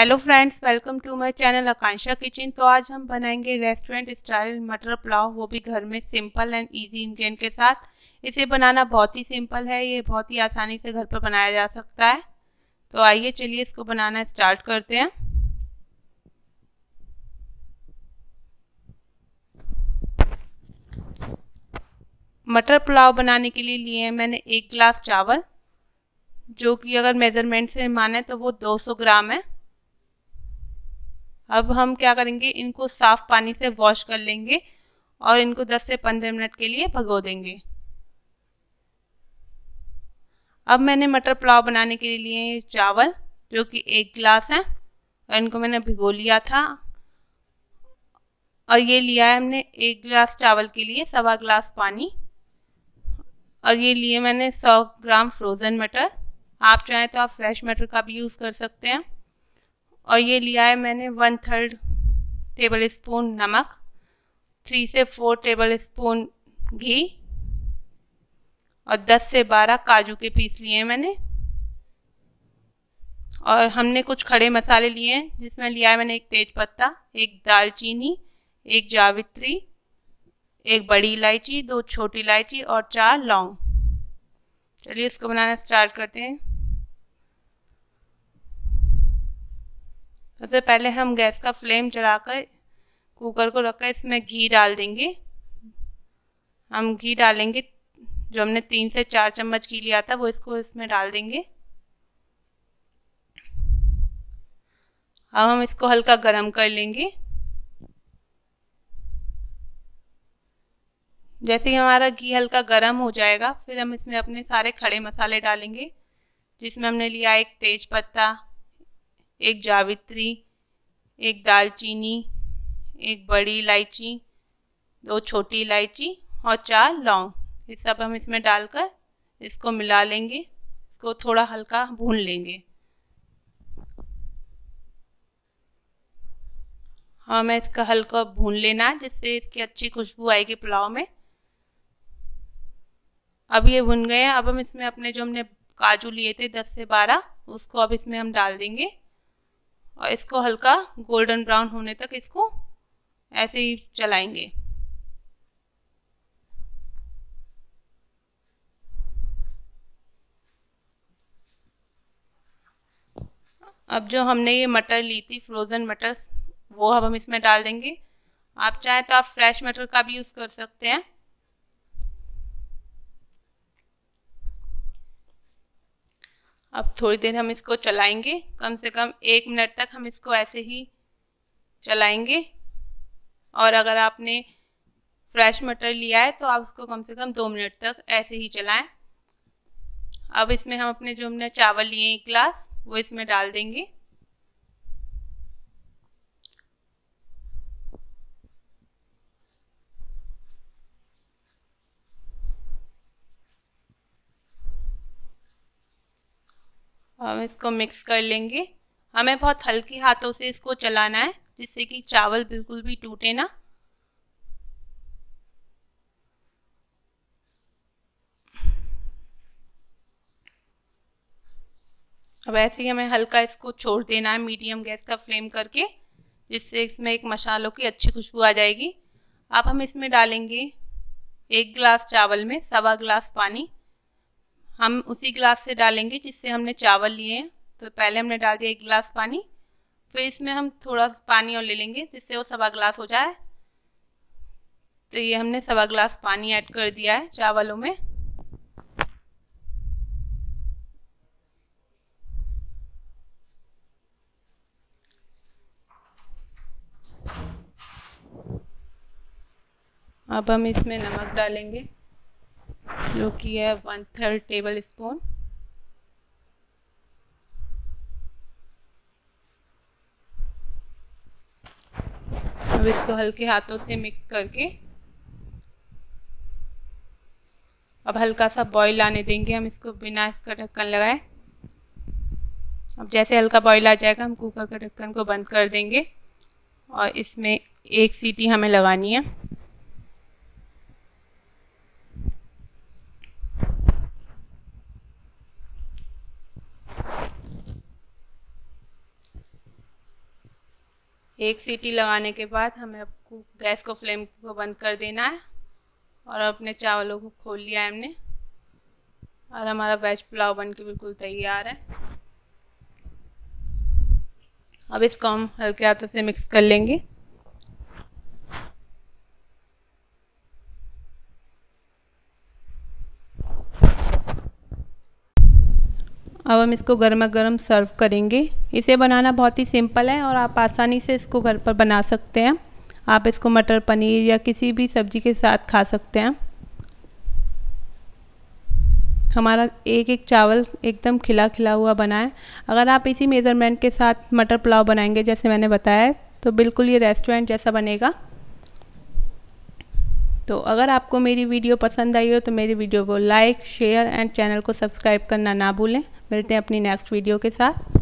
hello friends welcome to my channel Akanksha kitchen तो आज हम बनाएंगे रेस्टोरेंट स्टाइल मटर पुलाव वो भी घर में सिंपल एंड इजी इंग्रेडिएंट के साथ इसे बनाना बहुत ही सिंपल है ये बहुत ही आसानी से घर पर बनाया जा सकता है तो आइए चलिए इसको बनाना स्टार्ट करते हैं मटर पुलाव बनाने के लिए लिए हैं मैंने एक गिलास चावल जो कि अगर मेज़रमेंट से माने तो वो 200 ग्राम है अब हम क्या करेंगे इनको साफ पानी से वॉश कर लेंगे और इनको 10 से 15 मिनट के लिए भगो देंगे अब मैंने मटर पुलाव बनाने के लिए चावल जो कि एक गिलास है और इनको मैंने भिगो लिया था और ये लिया है हमने एक गिलास चावल के लिए सवा गिलास पानी और ये लिए मैंने 100 ग्राम फ्रोज़न मटर आप चाहें तो आप फ्रेश मटर का भी यूज़ कर सकते हैं और ये लिया है मैंने वन थर्ड टेबल स्पून नमक थ्री से फोर टेबल स्पून घी और दस से बारह काजू के पीस लिए हैं मैंने और हमने कुछ खड़े मसाले लिए हैं जिसमें लिया है मैंने एक तेज पत्ता एक दालचीनी एक जावित्री एक बड़ी इलायची दो छोटी इलायची और चार लौंग चलिए इसको बनाना स्टार्ट करते हैं सबसे पहले हम गैस का फ्लेम जलाकर कुकर को रखकर इसमें घी डाल देंगे हम घी डालेंगे जो हमने तीन से चार चम्मच घी लिया था वो इसको इसमें डाल देंगे अब हम इसको हल्का गरम कर लेंगे जैसे ही हमारा घी हल्का गरम हो जाएगा फिर हम इसमें अपने सारे खड़े मसाले डालेंगे जिसमें हमने लिया एक तेज पत्ता एक जावित्री एक दालचीनी एक बड़ी इलायची दो छोटी इलायची और चार लौंग ये सब हम इसमें डालकर इसको मिला लेंगे इसको थोड़ा हल्का भून लेंगे हमें हाँ, इसका हल्का भून लेना है जिससे इसकी अच्छी खुशबू आएगी पुलाव में अब ये भुन गए हैं अब हम इसमें अपने जो हमने काजू लिए थे दस से बारह उसको अब इसमें हम डाल देंगे और इसको हल्का गोल्डन ब्राउन होने तक इसको ऐसे ही चलाएंगे अब जो हमने ये मटर ली थी फ्रोज़न मटर वो अब हम इसमें डाल देंगे आप चाहें तो आप फ्रेश मटर का भी यूज़ कर सकते हैं अब थोड़ी देर हम इसको चलाएंगे कम से कम एक मिनट तक हम इसको ऐसे ही चलाएंगे और अगर आपने फ्रेश मटर लिया है तो आप उसको कम से कम दो मिनट तक ऐसे ही चलाएं अब इसमें हम अपने जो हमने चावल लिए एक ग्लास वो इसमें डाल देंगे हम इसको मिक्स कर लेंगे हमें बहुत हल्के हाथों से इसको चलाना है जिससे कि चावल बिल्कुल भी टूटे ना अब ऐसे ही हमें हल्का इसको छोड़ देना है मीडियम गैस का फ्लेम करके जिससे इसमें एक मसालों की अच्छी खुशबू आ जाएगी अब हम इसमें डालेंगे एक गिलास चावल में सवा गिलास पानी हम उसी गिलास से डालेंगे जिससे हमने चावल लिए हैं तो पहले हमने डाल दिया एक गिलास पानी फिर इसमें हम थोड़ा पानी और ले लेंगे जिससे वो सवा गिलास हो जाए तो ये हमने सवा गिलास पानी ऐड कर दिया है चावलों में अब हम इसमें नमक डालेंगे जो कि है वन थर्ड टेबल स्पून अब इसको हल्के हाथों से मिक्स करके अब हल्का सा बॉईल आने देंगे हम इसको बिना इसका ढक्कन लगाए अब जैसे हल्का बॉईल आ जाएगा हम कुकर का ढक्कन को बंद कर देंगे और इसमें एक सीटी हमें लगानी है एक सीटी लगाने के बाद हमें आपको गैस को फ्लेम को बंद कर देना है और अपने चावलों को खोल लिया है हमने और हमारा वेज पुलाव बन के बिल्कुल तैयार है अब इसको हम हल्के हाथों से मिक्स कर लेंगे अब हम इसको गर्मा गर्म सर्व करेंगे इसे बनाना बहुत ही सिंपल है और आप आसानी से इसको घर पर बना सकते हैं आप इसको मटर पनीर या किसी भी सब्जी के साथ खा सकते हैं हमारा एक एक चावल एकदम खिला खिला हुआ बना है अगर आप इसी मेज़रमेंट के साथ मटर पुलाव बनाएंगे जैसे मैंने बताया है तो बिल्कुल ये रेस्टोरेंट जैसा बनेगा तो अगर आपको मेरी वीडियो पसंद आई हो तो मेरी वीडियो को लाइक शेयर एंड चैनल को सब्सक्राइब करना ना भूलें मिलते हैं अपनी नेक्स्ट वीडियो के साथ